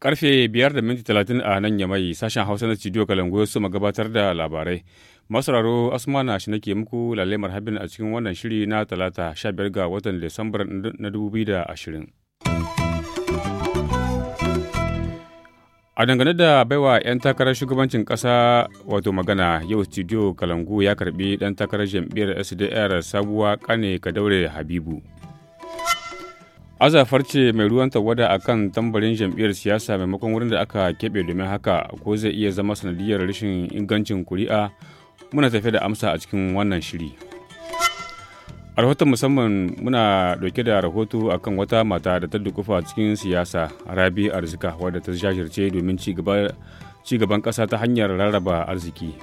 Karfe biyar da minti talatin a nan yamai sashen Hausa na studio Kalangu ya soma gabatar da labarai. Masararo Asmana shi nake muku lalemar habin a cikin wannan shiri na talata 15 ga watan Disambar na 2020. A dangane da baiwa 'yan takarar shugabancin ƙasa wato magana yau studio Kalangu ya karbi ɗan takarar jam'iyyar SDR sabuwa kane daure Habibu. Azafar ce mai ruwan tawada a kan tambarin jam'iyyar siyasa maimakon wurin da aka keɓe domin haka ko zai iya zama sanadiyar rashin ingancin kuri'a muna tafe da amsa a cikin wannan shiri. a rahoton musamman muna dauke da rahoto akan wata mata da ta dukufa cikin siyasa rabi arzika wadda ta shashirce domin cigaban gaban kasa ta hanyar rarraba arziki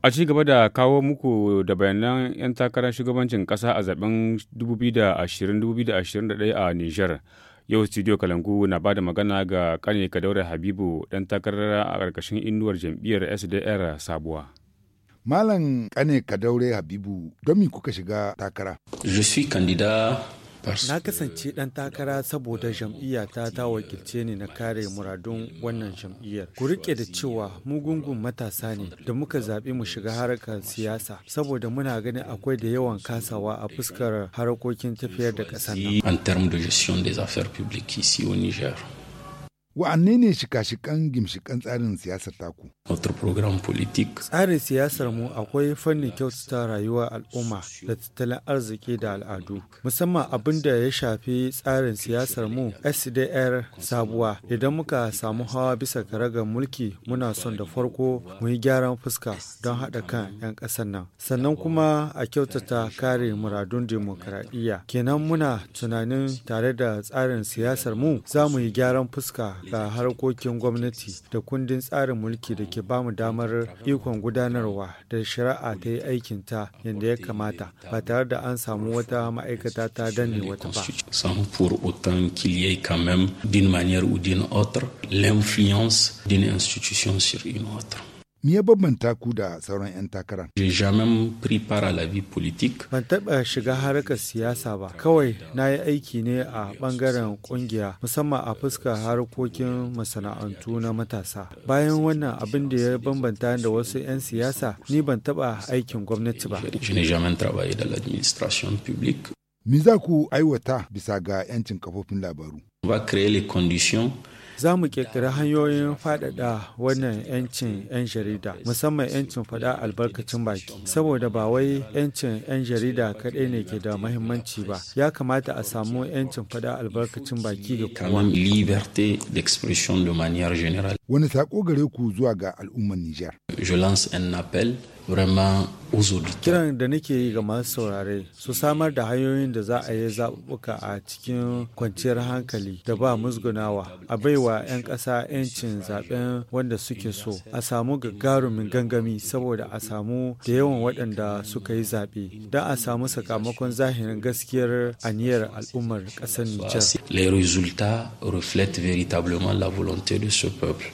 a ci gaba da kawo muku da bayanan 'yan takarar shugabancin kasa a zaben 2020-2021 a niger yau studio kalangu na ba da magana ga kane daura habibu dan takarar a ƙarƙashin inuwar jam'iyyar sdr sabuwa Malam Kane Kadaure Habibu, don me kuka shiga takara? Je suis candidat Na kasance ɗan takara saboda jam'iyya ta ta wakilce ni na kare muradun wannan jam'iyyar. Ku rike da cewa mu gungun matasa ne da muka zaɓi mu shiga harkar siyasa saboda muna ganin akwai da yawan kasawa a fuskar harkokin tafiyar da ƙasar nan. En termes de gestion des affaires publiques ici au Niger. Wa'anne ne shika-shikan gimshikan tsarin siyasar taku? Tsarin siyasar mu akwai fannin kyautata rayuwar al'umma da tattalin arziki da al'adu. Musamman abin da ya shafi tsarin siyasar mu SDR sabuwa. Idan muka samu hawa bisa karagar mulki muna son da farko mu yi gyaran fuska don haɗa kan 'yan ƙasar nan. Sannan kuma a kyautata kare muradun dimokuraɗiyya. Kenan muna tunanin tare da tsarin siyasar mu za mu yi gyaran fuska ga harkokin gwamnati da kundin tsarin mulki da ke bamu damar ikon gudanarwa da shari'a ta yi aikinta yadda ya kamata ba tare da an samu wata ma'aikata ta danne wata ba. pour autant qu'il y ait quand même, d'une manière ou d'une autre, l'influence d'une institution sur une autre. Me ya bambanta ku da sauran 'yan takara? Ban taɓa shiga harkar siyasa ba, kawai na yi aiki ne a ɓangaren ƙungiya musamman a fuskar harkokin masana'antu na matasa. Bayan wannan abin da ya bambanta da wasu 'yan siyasa, ni ban taɓa aikin gwamnati ba. administration Me za ku aiwata bisa ga 'yancin kafofin labaru? ba za mu ƙirƙiri hanyoyin faɗaɗa wannan 'yancin 'yan jarida musamman 'yancin faɗa albarkacin baki saboda ba wai 'yancin 'yan jarida kaɗai ne ke da mahimmanci ba ya kamata a samu 'yancin faɗa albarkacin baki ga general. Wani saƙo gare ku zuwa ga al'ummar niger Je lance un vraiment aux Kiran da nake yi ga masu saurare su samar da hanyoyin da za a yi zaɓuɓɓuka a cikin kwanciyar hankali da ba musgunawa a baiwa 'yan ƙasa 'yancin zaɓen wanda suke so a samu gagarumin gangami saboda a samu da yawan waɗanda suka yi zaɓe don a samu sakamakon zahirin gaskiyar aniyar al'ummar ƙasar Nijar. Les résultats reflètent véritablement la volonté de ce peuple.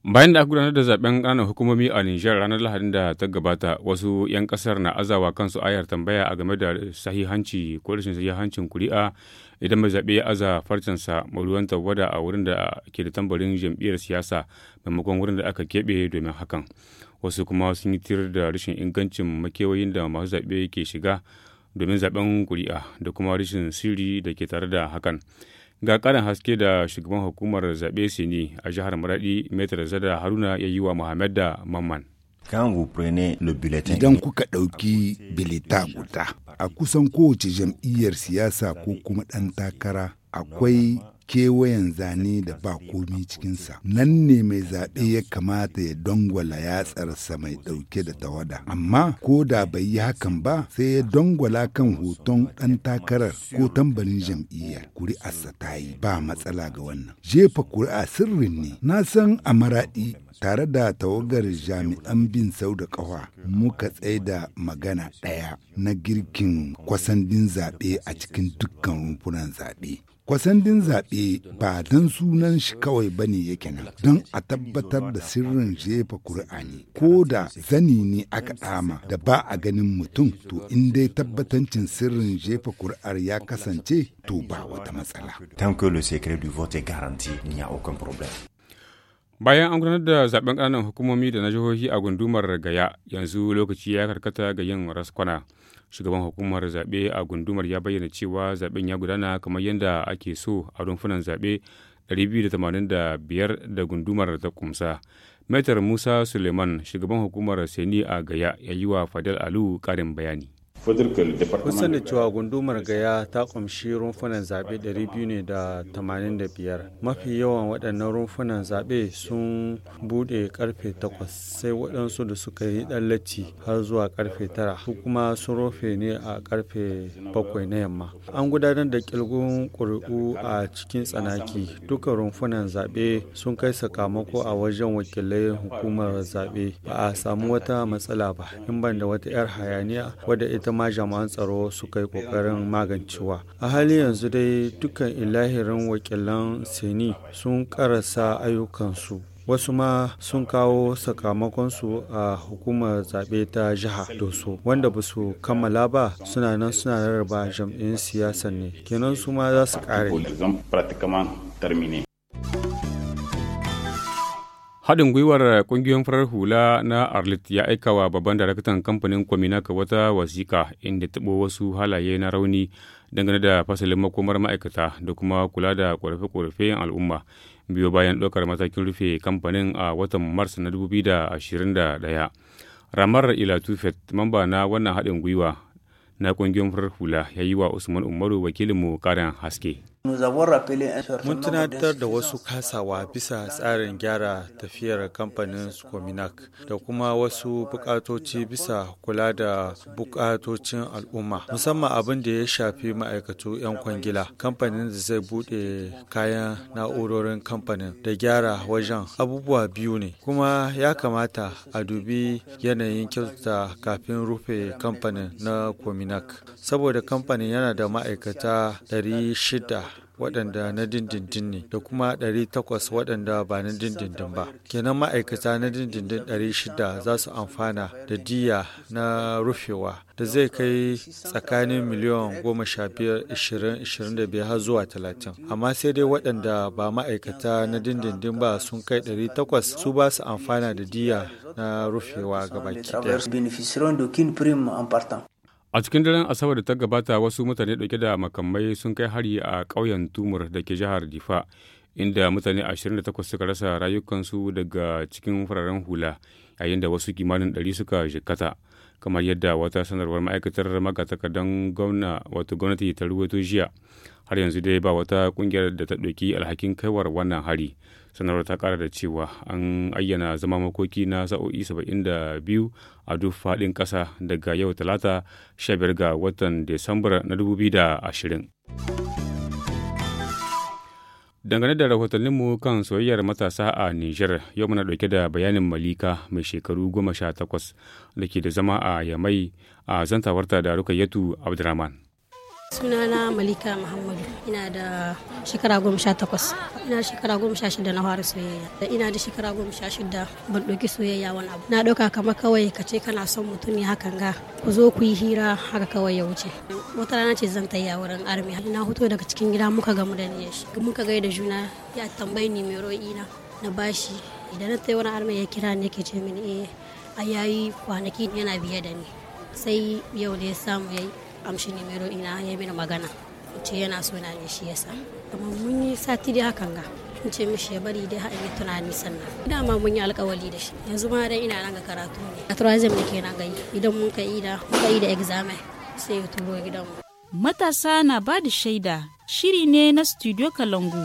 Bayan da aka gudanar da zaben ƙananan hukumomi a Nijar ranar Lahadin da ta gabata, wasu 'yan ƙasar na azawa kansu ayar tambaya a game da sahihanci ko rashin sahihancin kuri'a idan mai zaɓe ya aza farcensa maruwan tawada a wurin da ke da tambarin jam'iyyar siyasa maimakon wurin da aka keɓe domin hakan. Wasu kuma sun yi tirar da rashin ingancin makewayin da masu zaɓe ke shiga domin zaɓen kuri'a da kuma rashin sirri da ke tare da hakan. Ga karin haske da shugaban hukumar zaɓe Sini a jihar Maradi Metar Zada Haruna ya yi wa muhammed da Mamman. Idan kuka ɗauki bilita guda a kusan kowace jam'iyyar siyasa ko kuma ɗan takara akwai kewayen zane da ba komi cikinsa nan ne mai zaɓe ya kamata ya dangwala yatsarsa mai ɗauke da tawada amma ko da bai yi hakan ba sai ya dangwala kan hoton ɗan takarar ko tambarin jam'iyyar kuri'arsa ta yi ba matsala ga wannan jefa kuri'a sirrin ne na san a maraɗi tare da tawagar jami'an bin sau da ƙawa muka da magana ɗaya na girkin kwasandin zaɓe a cikin dukkan rumfunan zaɓe Kwasandin zaɓe ba don sunan shi kawai ba ne yake nan, don a tabbatar da sirrin jefa kuri'a ne, ko da zani ne aka ɗama da ba a ganin mutum to in dai tabbatancin sirrin jefa kuri'ar ya kasance to ba wata matsala. Tant que le secret du vote garanti, a aucun problème. Bayan an gudanar da zaben ƙananan hukumomi da na jihohi a gundumar Gaya, yanzu lokaci ya karkata ga yin raskwana. shugaban hukumar zaɓe a gundumar ya bayyana cewa zaɓen ya gudana kamar yadda ake so a rumfunan zaɓe 285 da gundumar ta kumsa metar musa suleiman shugaban hukumar seni a gaya ya yi wa fadal alu ƙarin bayani kusan da cewa gundumar gaya ta kumshi rumfunan zaɓe 285 ne da biyar Mafi yawan waɗannan rumfunan zaɓe sun buɗe karfe 8 sai waɗansu da suka yi ɗallaci har zuwa karfe 9 su kuma sun rufe ne a karfe 7 na yamma. An gudanar da ƙirgun ƙuri'u a cikin tsanaki. Duka rumfunan zaɓe sun kai sakamako a wajen wakilai hukumar zaɓe. Ba a samu wata matsala ba in ban da wata 'yar hayaniya wadda ita ita ma jami'an tsaro suka yi kokarin magancewa a hali yanzu dai dukkan ilahirin wakilan seni sun karasa ayyukansu wasu ma sun kawo sakamakonsu a hukumar zaɓe ta jiha doso wanda ba su kammala ba suna nan suna rarraba jam'in siyasa ne kenan su ma za su ƙare haɗin gwiwar ƙungiyoyin farar hula na arlit ya aika wa babban daraktan kamfanin ka wata wasiƙa inda taɓo wasu halaye na rauni dangane da fasalin makomar ma'aikata da kuma kula da ƙorafe-ƙorafen al'umma biyo bayan ɗaukar matakin rufe kamfanin a watan mars na 2021 ramar ilatufet mamba na wannan haɗin gwiwa na ƙungiyoyin farar hula ya yi wa usman umaru wakilinmu ƙarin haske Mun tunatar da wasu kasawa bisa tsarin gyara tafiyar kamfanin Skominak da kuma wasu bukatoci bisa kula da bukatocin al'umma, musamman abin da ya shafi ma'aikatu 'yan kwangila, kamfanin da zai bude kayan na'urorin kamfanin da gyara wajen abubuwa biyu ne, kuma ya kamata a dubi yanayin kyauta kafin rufe kamfanin na Kominak, saboda kamfanin yana da ma'aikata 600 waɗanda na dindindin ne da kuma 800 waɗanda ba na dindindin ba kenan ma'aikata na dindindin 600 za su amfana da diya na rufewa da zai kai tsakanin miliyan 15-25 har zuwa 30 amma sai dai waɗanda ba ma'aikata na dindindin ba sun kai 800 su ba su amfana da diya na rufewa gabaki baki A cikin daren Asabar da ta gabata wasu mutane dauke da makamai sun kai hari a ƙauyen Tumur da ke jihar Difa, inda mutane 28 suka rasa rayukansu daga cikin fararen hula, yayin da wasu kimanin 100 suka jikata. Kamar yadda wata sanarwar ma'aikatar magatakardan gwamna wato gwamnati ta ruwaito jiya, har yanzu dai ba wata ƙungiyar da ta ɗauki alhakin kaiwar wannan hari. sanarwar ta kara da cewa an ayyana zama makoki na sa'o'i da biyu a duk faɗin ƙasa daga yau talata 15 ga watan Desambar na 2020. Dangane da rahotanninmu kan soyayyar matasa a Nijar, yau muna ɗauke da bayanin Malika mai shekaru goma sha takwas da ke da zama a Yamai a zantawarta da Rukayyatu Abdurrahman. sunana malika muhammadu ina da shekara goma sha takwas ina da shekara goma sha shida na fara soyayya da ina da shekara goma sha shida ban ɗauki soyayya wani abu na ɗauka kamar kawai ka ce kana son mutum ne hakan ga ku zo ku yi hira haka kawai ya wuce wata rana ce zan tayya wurin armi na hoto daga cikin gida muka gamu da niyyar shi muka gaida juna ya tambayi ni mai ro'ina na bashi idan na tayi wani armi ya kira ne yake ce mini eh a yayi kwanaki yana biye da ni sai yau da ya samu yayi amshi numero ina ya mini magana ce yana so na ne shi yasa amma mun yi sati dai hakan ga in ce mishi ya bari dai har yi tunani sannan dama mun yi alkawali da shi yanzu ma dai ina nan ga karatu ne a turazim da ke nan ga idan mun ka yi da muka yi da examen sai ya turo mu matasa na ba da shaida shiri ne na studio kalangu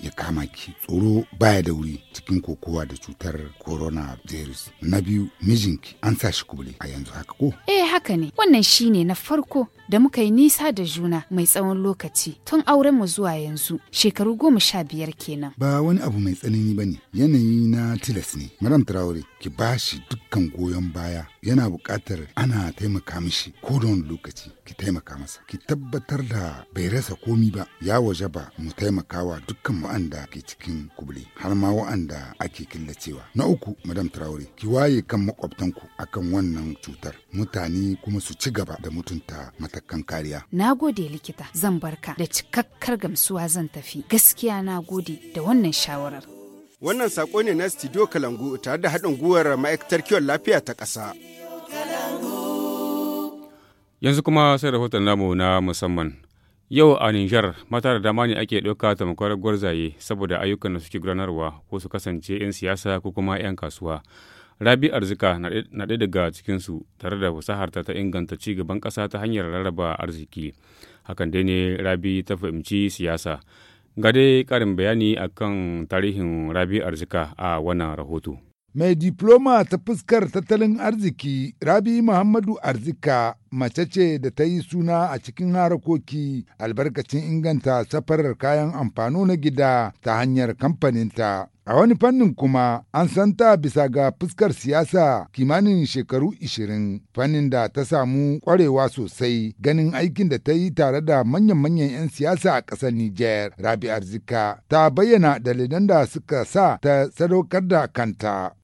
ya kama ki tsoro baya da wuri cikin kokowa da cutar corona virus na biyu mijinki an sa shi kubule a yanzu haka ko eh haka ne wannan shine na farko da muka yi nisa da juna mai tsawon lokaci tun auren mu zuwa yanzu shekaru goma sha biyar kenan ba wani abu mai tsanani bane yanayi na tilas ne madam traore ki bashi dukkan goyon baya yana buƙatar ana taimaka mishi ko da wani lokaci ki taimaka masa ki tabbatar da bai rasa komi ba ya waje ba mu taimakawa dukkan wa'anda ke cikin kubule har ma wa'anda ake killacewa na uku madam traore ki waye kan makwabtanku akan wannan cutar mutane kuma su ci gaba da mutunta matakan kariya na gode likita zan barka da cikakkar gamsuwa zan tafi gaskiya na gode da wannan shawarar Wannan sako ne na Studio Kalangu tare da haɗin gwiwar ma'aikatar kiwon lafiya ta ƙasa. Yanzu kuma sai rahoton namu na musamman. Yau a Nijar mata da dama ne ake ɗauka tamkar gwarzaye saboda ayyukan da suke gudanarwa ko su kasance 'yan siyasa ko kuma 'yan kasuwa. Rabi Arzika na ɗaya daga cikinsu tare da fasaharta ta inganta ci gaban ƙasa ta hanyar rarraba arziki. Hakan dai ne Rabi ta fahimci siyasa. Ga dai ƙarin bayani kan tarihin Rabi Arzika a wannan rahoto. Mai diploma ta fuskar tattalin arziki Rabi Muhammadu Arzika mace ce da ta yi suna a cikin harakoki albarkacin inganta safarar kayan amfano na gida ta hanyar kamfaninta. A wani fannin kuma an san ta bisa ga fuskar siyasa kimanin shekaru 20 fannin da ta samu kwarewa sosai ganin aikin da ta yi tare da manyan-manyan 'yan siyasa a ƙasar Nijar. Rabi Arzika ta bayyana dalilan da suka sa ta sadaukar da kanta.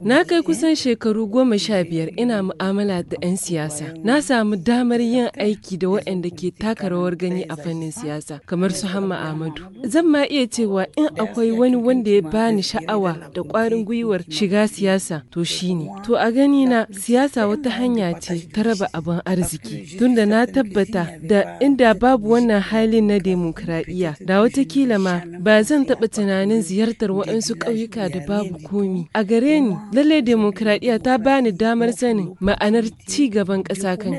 Na kai kusan shekaru goma sha biyar ina mu'amala da 'yan siyasa. Na samu damar yin aiki da waɗanda ke taka rawar gani a fannin siyasa, kamar su Hamma Ahmadu. Zan ma iya cewa in akwai wani wanda ya bani sha'awa da ƙwarin gwiwar shiga siyasa, to shi ne. To a gani na siyasa wata hanya ce ta raba abin arziki. Tunda na tabbata da inda babu wannan halin na demokradiyya da watakila ma ba zan taɓa tunanin ziyartar waɗansu ƙauyuka da babu komi. A gare ni, lallai demokradiyya ta bani damar sanin ma'anar ci gaban ƙasa kan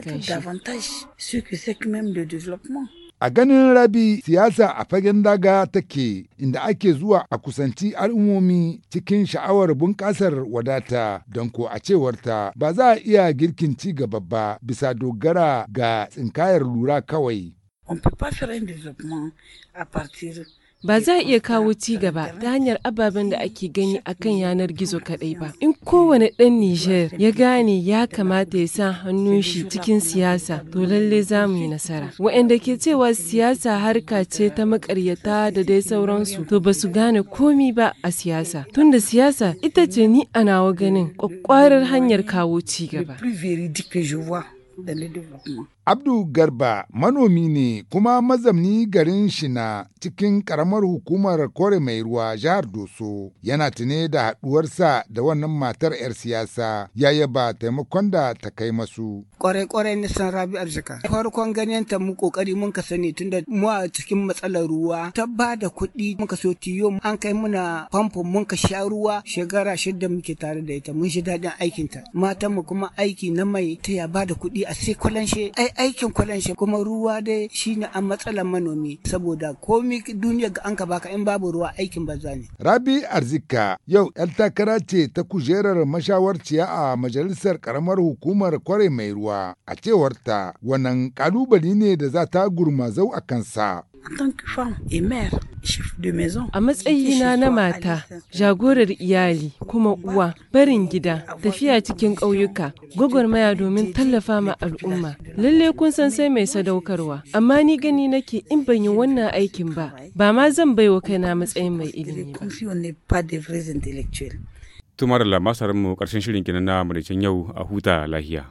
A ganin rabi siyasa a fagen daga take inda ake zuwa a kusanci al'ummomi cikin sha'awar bunƙasar wadata don ko a cewarta ba za a iya girkin ci gaba ba bisa dogara ga tsinkayar lura kawai. On peut pas faire un développement à partir ba za a iya kawo ci gaba ta hanyar ababen da ake gani a kan yanar gizo kaɗai ba. In kowane ɗan Nijar ya gane ya kamata ya sa hannun shi cikin siyasa to lalle za mu yi nasara. Waɗanda ke cewa siyasa harka ce ta makaryata da dai sauransu to ba su gane komi ba a siyasa. Tunda siyasa ita ce ni a nawa ganin ƙwaƙƙwarar hanyar kawo ci gaba. Abdu Garba manomi ne kuma mazamni garin shi na cikin karamar hukumar kore mai ruwa jihar Doso yana tune da haɗuwarsa da wannan matar 'yar siyasa ya yaba taimakon da ta kai masu. Kwarai kwarai ne san Rabi Arzika. Farkon ganin ta mu kokari mun ka sani tunda mu a cikin matsalar ruwa ta ba da kuɗi ka so tiyo an kai muna famfo mun ka sha ruwa shekara shidda muke tare da ita mun shi daɗin aikinta. Matan mu kuma aiki na mai ta ya ba da kuɗi a sai kwalanshe ai aikin kwalanshe kuma ruwa dai shine a matsalar manomi saboda komi duniya ga an ka baka in babu ruwa aikin za ne rabi arzika yau yan takara ce ta kujerar mashawarciya a majalisar karamar hukumar kware mai ruwa a cewar ta wannan kalubali ne da za ta gurmazau a kansa tant que femme et mère A matsayina na mata, jagorar iyali, kuma uwa, barin gida, tafiya cikin ƙauyuka, gwagwarmaya domin tallafa ma al'umma. Lalle kun san sai mai sadaukarwa, amma ni gani nake in ban yi wannan aikin ba, ba ma zan baiwa kaina matsayin mai ilimi ba. Tumar la masarar mu ƙarshen shirin kenan na yau a huta lahiya.